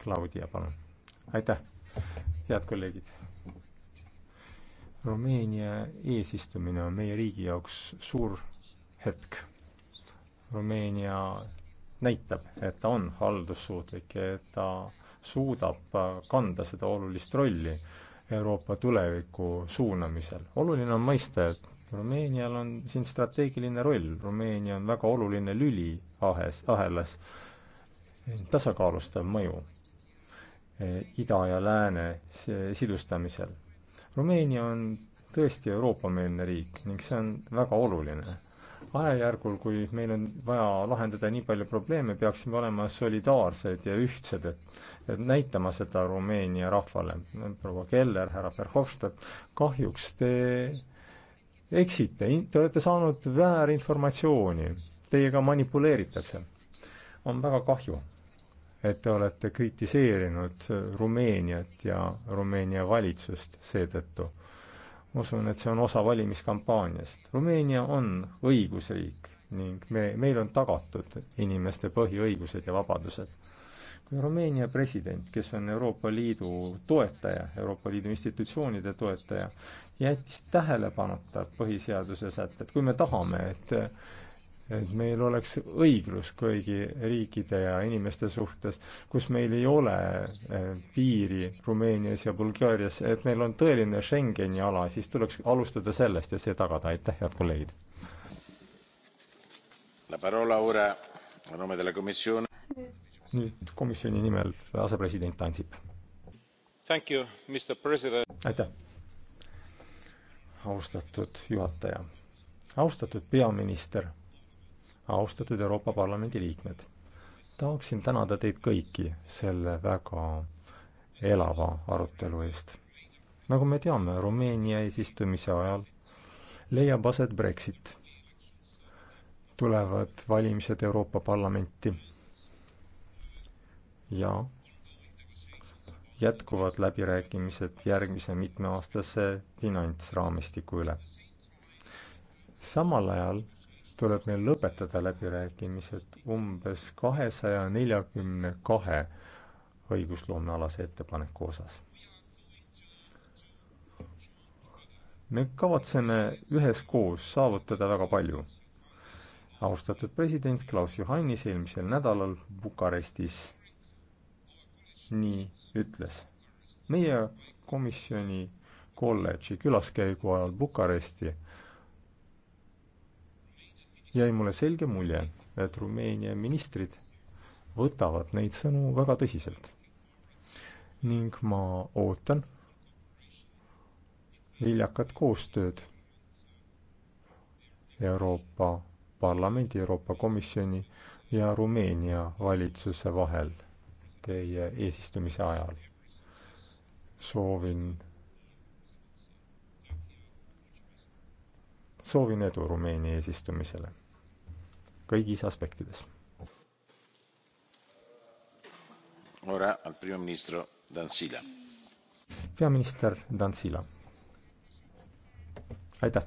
Claudia, palun. aitäh, head kolleegid. Rumeenia eesistumine on meie riigi jaoks suur hetk. Rumeenia näitab, et ta on haldussuutlik ja et ta suudab kanda seda olulist rolli Euroopa tuleviku suunamisel. oluline on mõista, et Rumeenial on siin strateegiline roll, Rumeenia on väga oluline lüli ahes, ahelas, tasakaalustav mõju. Eh, ida ja lääne sidustamisel. Rumeenia on tõesti Euroopa-meelne riik ning see on väga oluline. ajajärgul, kui meil on vaja lahendada nii palju probleeme, peaksime olema solidaarsed ja ühtsed, et, et näitama seda Rumeenia rahvale. proua Keller, härra Verhofstadt, kahjuks te eksite, te olete saanud väärinformatsiooni, teiega manipuleeritakse. on väga kahju et te olete kritiseerinud Rumeeniat ja Rumeenia valitsust seetõttu. ma usun, et see on osa valimiskampaaniast. Rumeenia on õigusriik ning me, meil on tagatud inimeste põhiõigused ja vabadused. kui Rumeenia president, kes on Euroopa Liidu toetaja, Euroopa Liidu institutsioonide toetaja, jättis tähelepanuta põhiseaduse sätted, kui me tahame, et et meil oleks õiglus kõigi riikide ja inimeste suhtes, kus meil ei ole eh, piiri Rumeenias ja Bulgaarias, et meil on tõeline Schengeni ala, siis tuleks alustada sellest ja see tagada, aitäh, head kolleegid! nüüd komisjoni nimel asepresident Ansip. aitäh, austatud juhataja, austatud peaminister austatud Euroopa Parlamendi liikmed! tahaksin tänada teid kõiki selle väga elava arutelu eest. nagu me teame, Rumeenia eesistumise ajal leiab aset Brexit. tulevad valimised Euroopa Parlamenti ja jätkuvad läbirääkimised järgmise mitmeaastase finantsraamistiku üle. samal ajal tuleb meil lõpetada läbirääkimised umbes kahesaja neljakümne kahe õigusloomealase ettepaneku osas. me kavatseme üheskoos saavutada väga palju. austatud president Klaus Johannis eelmisel nädalal Bukarestis nii ütles. meie komisjoni kolledži külaskäigu ajal Bukaresti jäi mulle selge mulje, et Rumeenia ministrid võtavad neid sõnu väga tõsiselt. ning ma ootan viljakat koostööd Euroopa Parlamendi, Euroopa Komisjoni ja Rumeenia valitsuse vahel teie eesistumise ajal. soovin, soovin edu Rumeenia eesistumisele kõigis aspektides. peaminister Danzila. aitäh.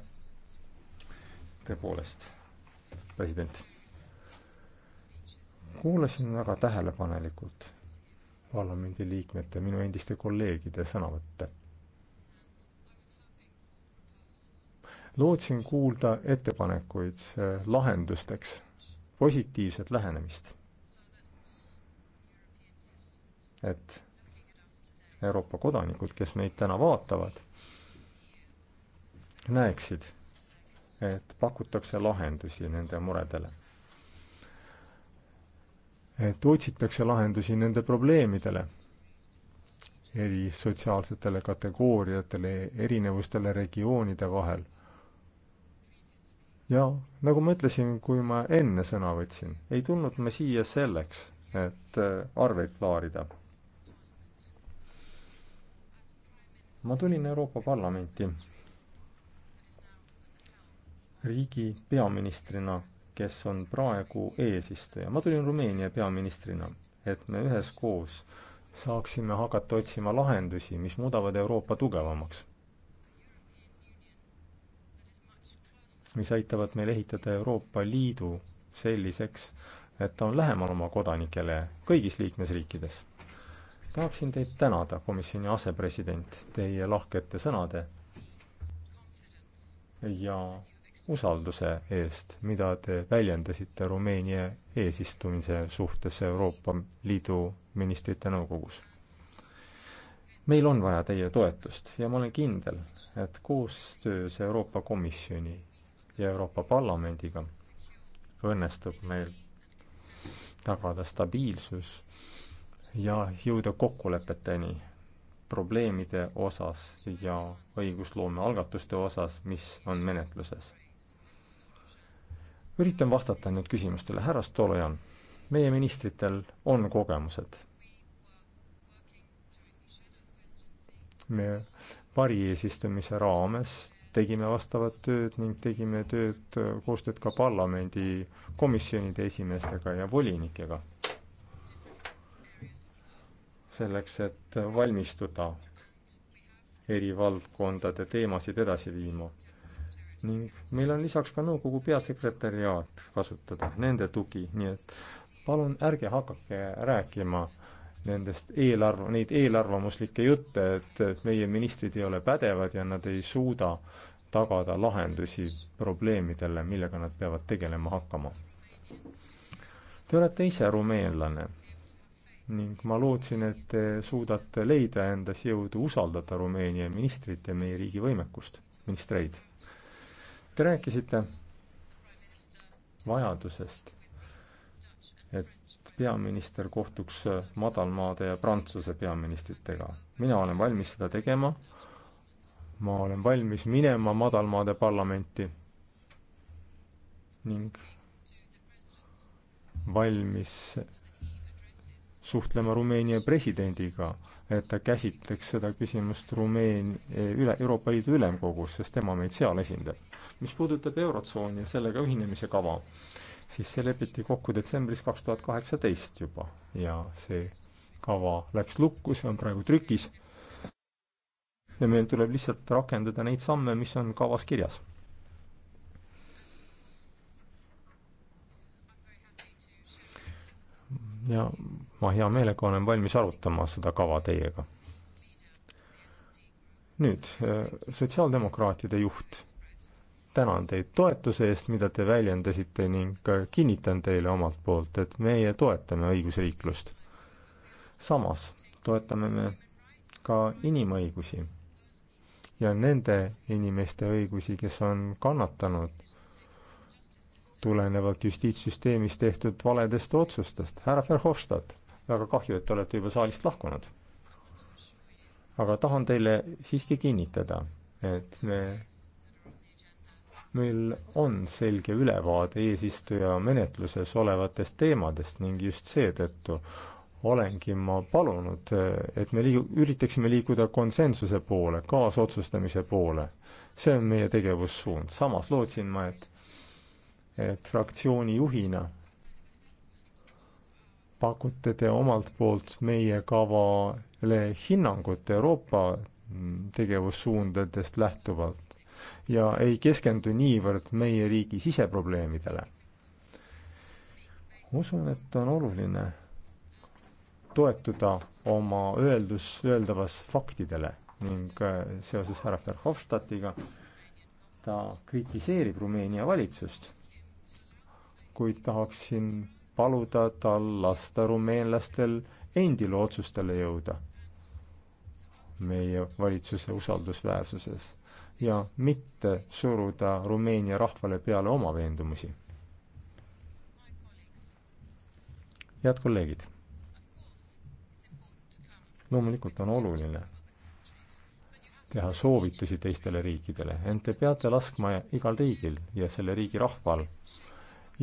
tõepoolest, president. kuulasin väga tähelepanelikult parlamendiliikmete, minu endiste kolleegide sõnavõtte lootsin kuulda ettepanekuid eh, lahendusteks positiivset lähenemist. et Euroopa kodanikud, kes meid täna vaatavad, näeksid, et pakutakse lahendusi nende muredele. et otsitakse lahendusi nende probleemidele, eri sotsiaalsetele kategooriatele, erinevustele regioonide vahel ja nagu ma ütlesin, kui ma enne sõna võtsin, ei tulnud me siia selleks, et äh, arveid klaarida. ma tulin Euroopa Parlamenti riigi peaministrina, kes on praegu eesistuja. ma tulin Rumeenia peaministrina, et me üheskoos saaksime hakata otsima lahendusi, mis muudavad Euroopa tugevamaks mis aitavad meil ehitada Euroopa Liidu selliseks, et ta on lähemal oma kodanikele kõigis liikmesriikides. tahaksin teid tänada, komisjoni asepresident, teie lahkete sõnade ja usalduse eest, mida te väljendasite Rumeenia eesistumise suhtes Euroopa Liidu ministrite nõukogus. meil on vaja teie toetust ja ma olen kindel, et koostöös Euroopa Komisjoni ja Euroopa Parlamendiga õnnestub meil tagada stabiilsus ja jõuda kokkulepeteni probleemide osas ja õigusloome algatuste osas, mis on menetluses. üritan vastata nüüd küsimustele, härra Stolojan, meie ministritel on kogemused. me varieesistumise raames tegime vastavat tööd ning tegime tööd, äh, koostööd ka parlamendi komisjonide esimeestega ja volinikega. selleks, et valmistuda eri valdkondade teemasid edasi viima. ning meil on lisaks ka nõukogu peasekretäriaat kasutada, nende tugi, nii et palun ärge hakake rääkima nendest eelarv-, neid eelarvamuslikke jutte, et, et meie ministrid ei ole pädevad ja nad ei suuda äh, tagada lahendusi probleemidele, millega nad peavad tegelema hakkama. Te olete ise rumeenlane ning ma lootsin, et te suudate leida endas jõudu usaldada Rumeenia ministrit ja meie riigi võimekust, ministreid. Te rääkisite vajadusest, et peaminister kohtuks madalmaade ja Prantsuse peaministritega. mina olen valmis seda tegema ma olen valmis minema madalmaade parlamenti ning valmis suhtlema Rumeenia presidendiga, et ta käsitleks seda küsimust Rumeen-, üle, Euroopa Liidu Ülemkogus, sest tema meid seal esindab. mis puudutab Eurotsooni ja sellega ühinemise kava, siis see lepiti kokku detsembris kaks tuhat kaheksateist juba ja see kava läks lukku, see on praegu trükis ja meil tuleb lihtsalt rakendada neid samme, mis on kavas kirjas. ja ma hea meelega olen valmis arutama seda kava teiega. nüüd, äh, sotsiaaldemokraatide juht, tänan teid toetuse eest, mida te väljendasite ning äh, kinnitan teile omalt poolt, et meie toetame õigusriiklust. samas toetame me ka inimõigusi ja nende inimeste õigusi, kes on kannatanud tulenevalt justiitssüsteemis tehtud valedest otsustest. härra Verhofstadt, väga kahju, et te olete juba saalist lahkunud. aga tahan teile siiski kinnitada, et me, meil on selge ülevaade eesistuja menetluses olevatest teemadest ning just seetõttu olengi ma palunud, et me liigu-, üritaksime liikuda konsensuse poole, kaasotsustamise poole. see on meie tegevussuund, samas lootsin ma, et et fraktsiooni juhina pakute te omalt poolt meie kavale hinnangut Euroopa tegevussuundadest lähtuvalt ja ei keskendu niivõrd meie riigi siseprobleemidele. usun, et on oluline toetuda oma öeldus, öeldavas faktidele ning äh, seoses härra Verhofstadtiga ta kritiseerib Rumeenia valitsust, kuid tahaksin paluda tal lasta rumeenlastel endil otsustele jõuda meie valitsuse usaldusväärsuses ja mitte suruda Rumeenia rahvale peale oma veendumusi. head kolleegid loomulikult on oluline teha soovitusi teistele riikidele, ent te peate laskma igal riigil ja selle riigi rahval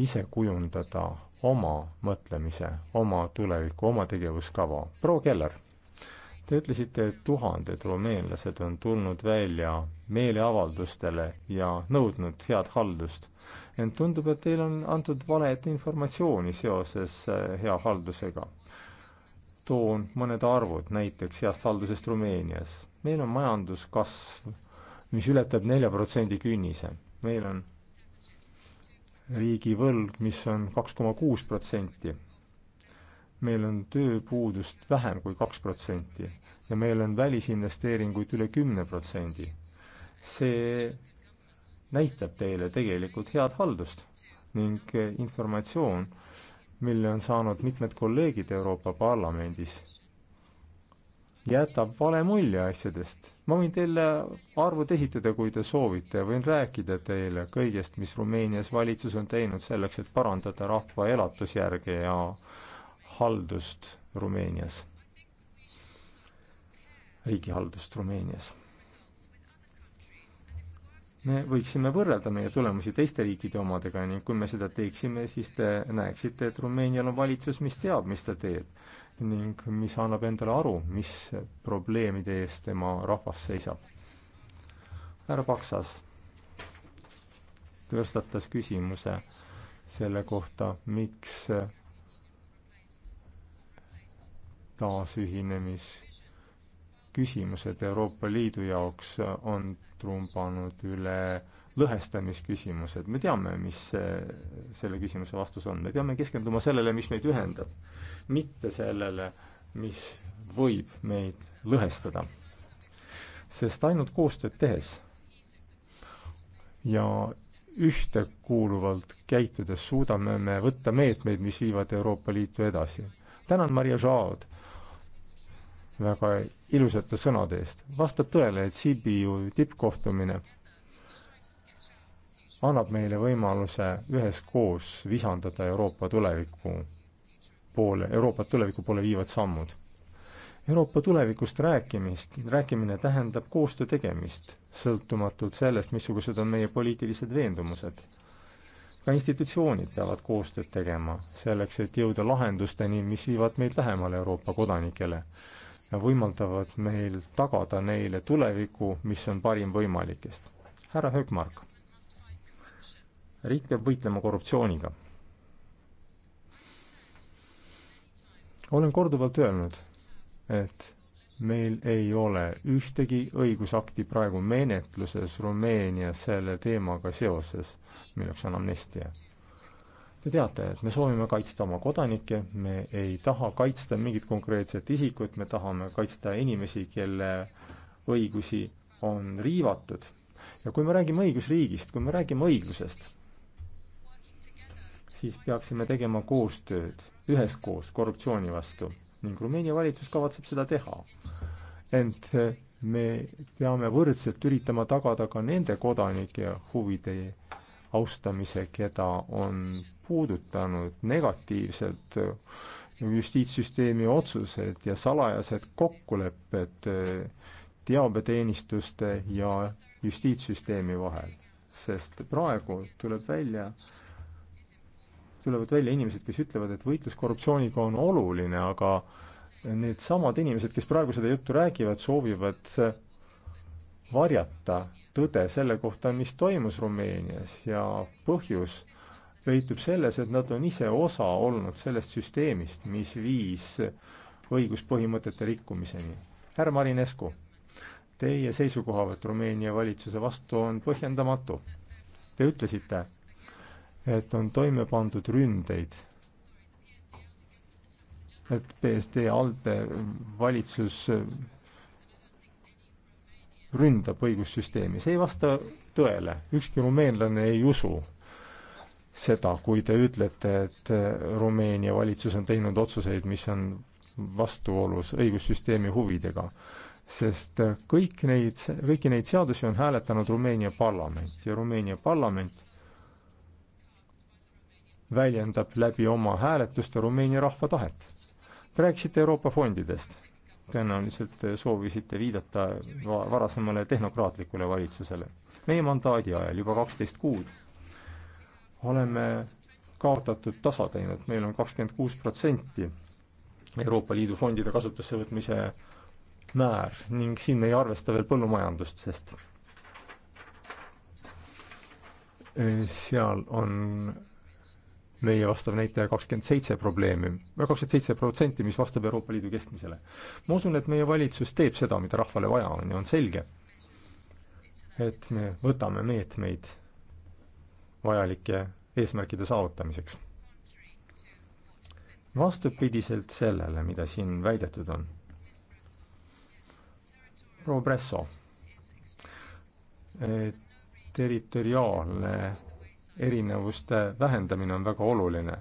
ise kujundada oma mõtlemise, oma tuleviku, oma tegevuskava. proua Keller, te ütlesite, et tuhanded rumeenlased on tulnud välja meeleavaldustele ja nõudnud head haldust. ent tundub, et teile on antud valet informatsiooni seoses äh, hea haldusega toon mõned arvud, näiteks heast haldusest Rumeenias. meil on majanduskasv, mis ületab nelja protsendi künnise. meil on riigivõlg, mis on kaks koma kuus protsenti. meil on tööpuudust vähem kui kaks protsenti ja meil on välisinvesteeringuid üle kümne protsendi. see näitab teile tegelikult head haldust ning informatsioon mille on saanud mitmed kolleegid Euroopa Parlamendis, jätab vale mulje asjadest. ma võin teile arvud esitada, kui te soovite, võin rääkida teile kõigest, mis Rumeenias valitsus on teinud selleks, et parandada rahva elatusjärge ja haldust Rumeenias, riigihaldust Rumeenias me võiksime võrrelda meie tulemusi teiste riikide omadega ning kui me seda teeksime, siis te näeksite, et Rumeenial on valitsus, mis teab, mis ta teeb ning mis annab endale aru, mis probleemide ees tema rahvas seisab. härra Paksas tõstatas küsimuse selle kohta, miks taasühinemis küsimused Euroopa Liidu jaoks on trumbanud üle lõhestamisküsimused, me teame, mis selle küsimuse vastus on, me peame keskenduma sellele, mis meid ühendab, mitte sellele, mis võib meid lõhestada. sest ainult koostööd tehes ja ühtekuuluvalt käitudes suudame me võtta meetmeid, mis viivad Euroopa Liitu edasi. tänan Maria Joaod väga ilusate sõnade eest. vastab tõele, et Sibiu tippkohtumine annab meile võimaluse üheskoos visandada Euroopa tuleviku poole, Euroopat tuleviku poole viivad sammud. Euroopa tulevikust rääkimist, rääkimine tähendab koostöö tegemist, sõltumatult sellest, missugused on meie poliitilised veendumused. ka institutsioonid peavad koostööd tegema selleks, et jõuda lahendusteni, mis viivad meid lähemale Euroopa kodanikele võimaldavad meil tagada neile tuleviku, mis on parim võimalikest. härra Höökmark, riik peab võitlema korruptsiooniga. olen korduvalt öelnud, et meil ei ole ühtegi õigusakti praegu menetluses Rumeenias selle teemaga seoses, milleks on amnestia Te teate, et me soovime kaitsta oma kodanikke, me ei taha kaitsta mingit konkreetset isikut, me tahame kaitsta inimesi, kelle õigusi on riivatud. ja kui me räägime õigusriigist, kui me räägime õiglusest, siis peaksime tegema koostööd üheskoos korruptsiooni vastu ning Rumeenia valitsus kavatseb seda teha. ent me peame võrdselt üritama tagada ka nende kodanike huvide austamise, keda on puudutanud negatiivselt äh, justiitssüsteemi otsused ja salajased kokkulepped äh, teabeteenistuste ja justiitssüsteemi vahel. sest praegu tuleb välja, tulevad välja inimesed, kes ütlevad, et võitlus korruptsiooniga on oluline, aga needsamad inimesed, kes praegu seda juttu räägivad, soovivad äh, varjata tõde selle kohta, mis toimus Rumeenias ja põhjus, peitub selles, et nad on ise osa olnud sellest süsteemist, mis viis õiguspõhimõtete rikkumiseni. härra Marinescu, teie seisukohavõtt Rumeenia valitsuse vastu on põhjendamatu. Te ütlesite, et on toime pandud ründeid, et PSD ALDE valitsus ründab õigussüsteemi, see ei vasta tõele, ükski rumeenlane ei usu seda, kui te ütlete, et äh, Rumeenia valitsus on teinud otsuseid, mis on vastuolus õigussüsteemi huvidega, sest äh, kõik neid, kõiki neid seadusi on hääletanud Rumeenia parlament ja Rumeenia parlament väljendab läbi oma hääletuste Rumeenia rahva tahet. Te rääkisite Euroopa fondidest, tõenäoliselt äh, soovisite viidata varasemale tehnokraatlikule valitsusele. meie mandaadi ajal juba kaksteist kuud oleme kaotatud tasa teinud, meil on kakskümmend kuus protsenti Euroopa Liidu fondide kasutusse võtmise määr ning siin me ei arvesta veel põllumajandust, sest seal on meie vastav näitaja kakskümmend seitse probleemi, kakskümmend seitse protsenti, mis vastab Euroopa Liidu keskmisele. ma usun, et meie valitsus teeb seda, mida rahvale vaja on ja on selge, et me võtame meetmeid vajalike eesmärkide saavutamiseks. vastupidiselt sellele, mida siin väidetud on. proua Bresso, territoriaalne erinevuste vähendamine on väga oluline.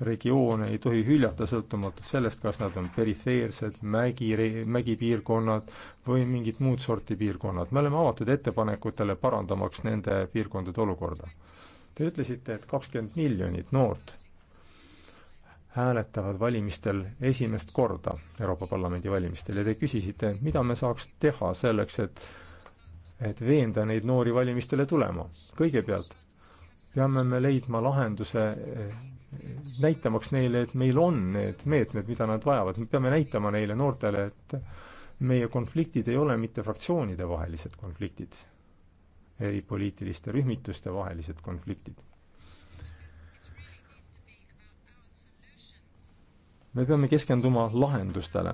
regioone ei tohi hüljata sõltumata sellest, kas nad on perifeersed, mägi, mägipiirkonnad või mingit muud sorti piirkonnad. me oleme avatud ettepanekutele parandamaks nende piirkondade olukorda Te ütlesite, et kakskümmend miljonit noort hääletavad valimistel esimest korda, Euroopa Parlamendi valimistel, ja te küsisite, mida me saaks teha selleks, et et veenda neid noori valimistele tulema. kõigepealt peame me leidma lahenduse eh, näitamaks neile, et meil on need meetmed, mida nad vajavad, me peame näitama neile noortele, et meie konfliktid ei ole mitte fraktsioonide vahelised konfliktid, eri poliitiliste rühmituste vahelised konfliktid. me peame keskenduma lahendustele,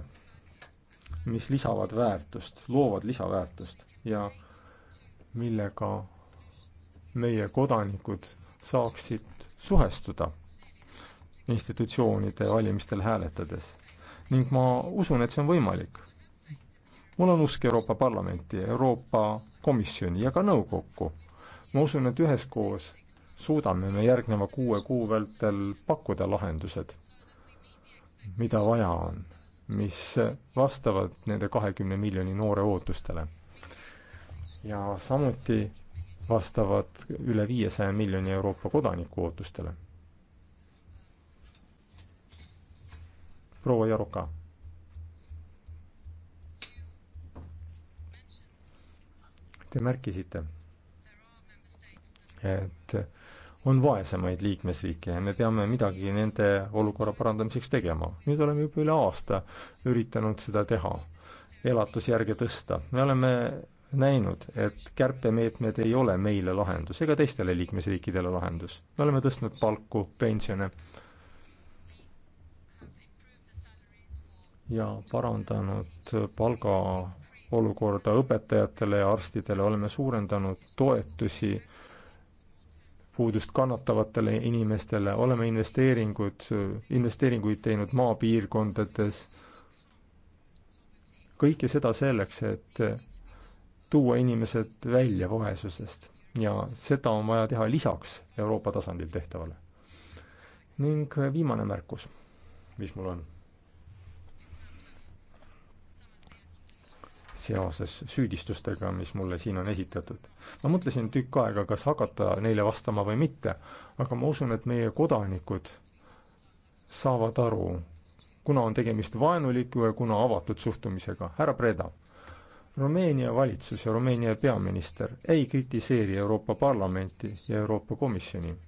mis lisavad väärtust, loovad lisaväärtust ja millega meie kodanikud saaksid suhestuda institutsioonide valimistel hääletades. ning ma usun, et see on võimalik mul on usk Euroopa Parlamenti, Euroopa Komisjoni ja ka nõukokku. ma usun, et üheskoos suudame me järgneva kuue kuu vältel pakkuda lahendused, mida vaja on, mis vastavad nende kahekümne miljoni noore ootustele. ja samuti vastavad üle viiesaja miljoni Euroopa kodaniku ootustele. proua Jaroka Te märkisite, et on vaesemaid liikmesriike ja me peame midagi nende olukorra parandamiseks tegema. nüüd oleme juba üle aasta üritanud seda teha, elatusjärge tõsta. me oleme näinud, et kärpemeetmed ei ole meile lahendus ega teistele liikmesriikidele lahendus. me oleme tõstnud palku, pensione ja parandanud palga olukorda õpetajatele ja arstidele, oleme suurendanud toetusi puudust kannatavatele inimestele, oleme investeeringuid, investeeringuid teinud maapiirkondades, kõike seda selleks, et tuua inimesed välja vaesusest ja seda on vaja teha lisaks Euroopa tasandil tehtavale. ning viimane märkus, mis mul on seoses süüdistustega, mis mulle siin on esitatud. ma mõtlesin tükk aega, kas hakata neile vastama või mitte, aga ma usun, et meie kodanikud saavad aru, kuna on tegemist vaenuliku ja kuna avatud suhtumisega. härra Preda, Rumeenia valitsus ja Rumeenia peaminister ei kritiseeri Euroopa Parlamenti ja Euroopa Komisjoni